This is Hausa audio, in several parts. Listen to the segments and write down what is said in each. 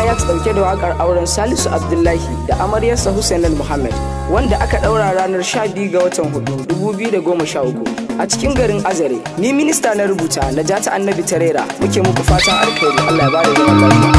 ya ɗauke da waƙar auren Salisu Abdullahi da amaryarsa Hussainal Muhammad wanda aka ɗaura ranar 12 ga watan 4 2013 a cikin garin Azare. Ni minista na rubuta na jata annabi Tarera muke muku fatan alkhairi Allah ya bada zaman lafiya.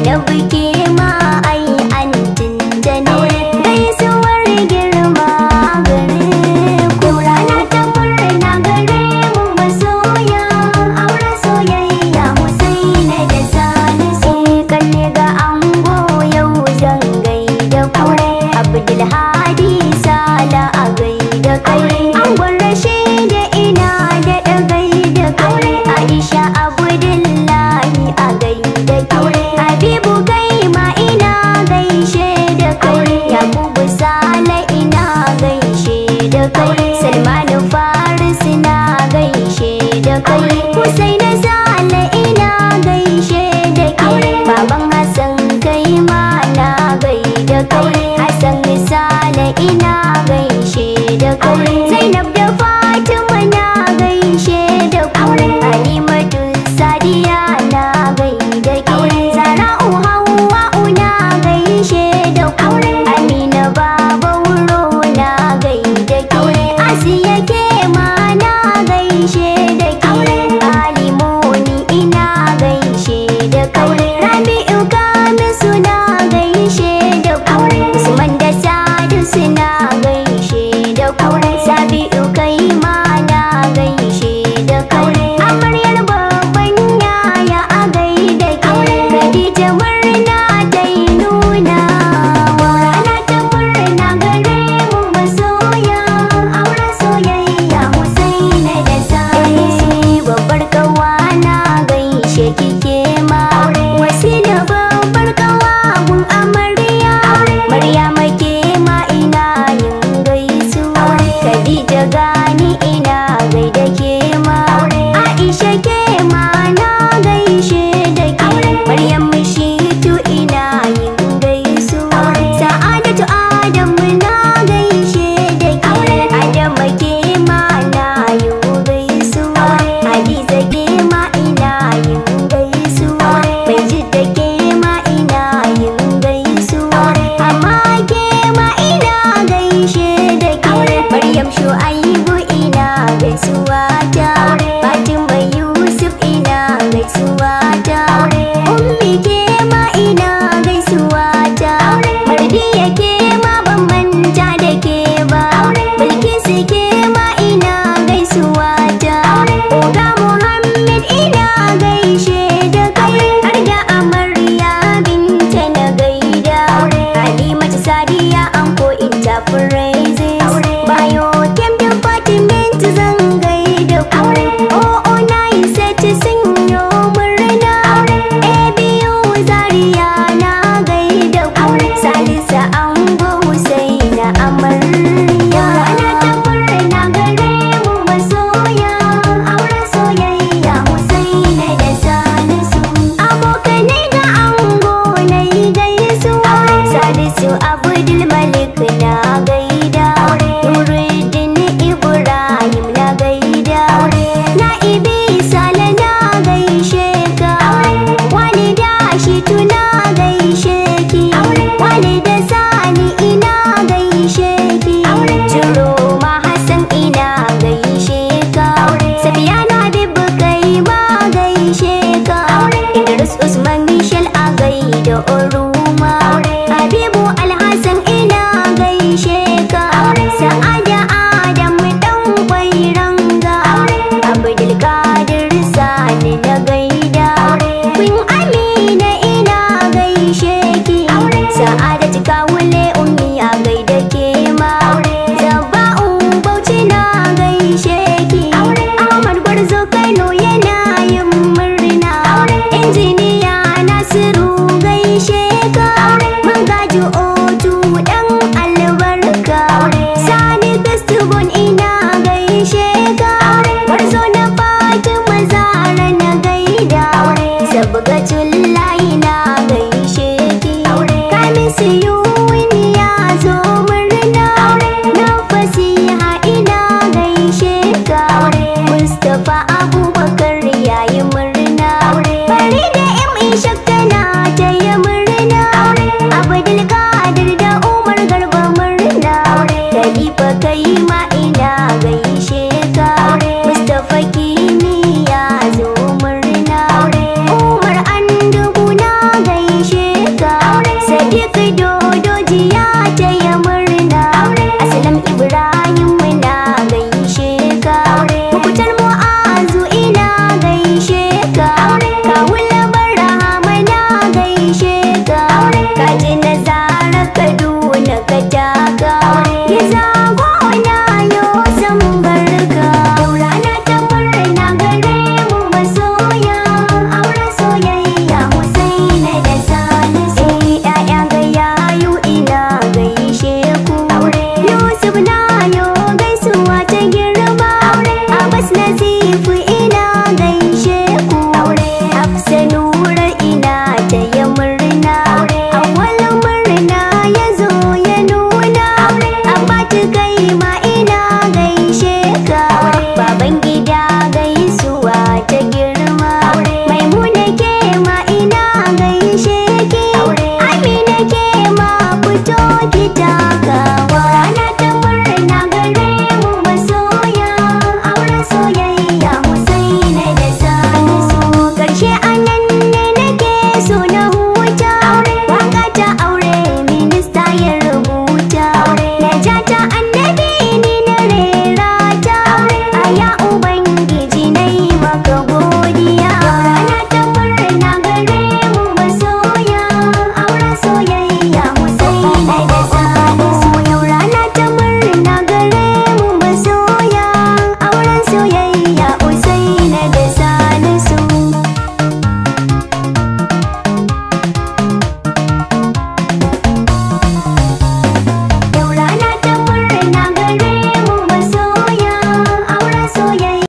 na biki Sorry.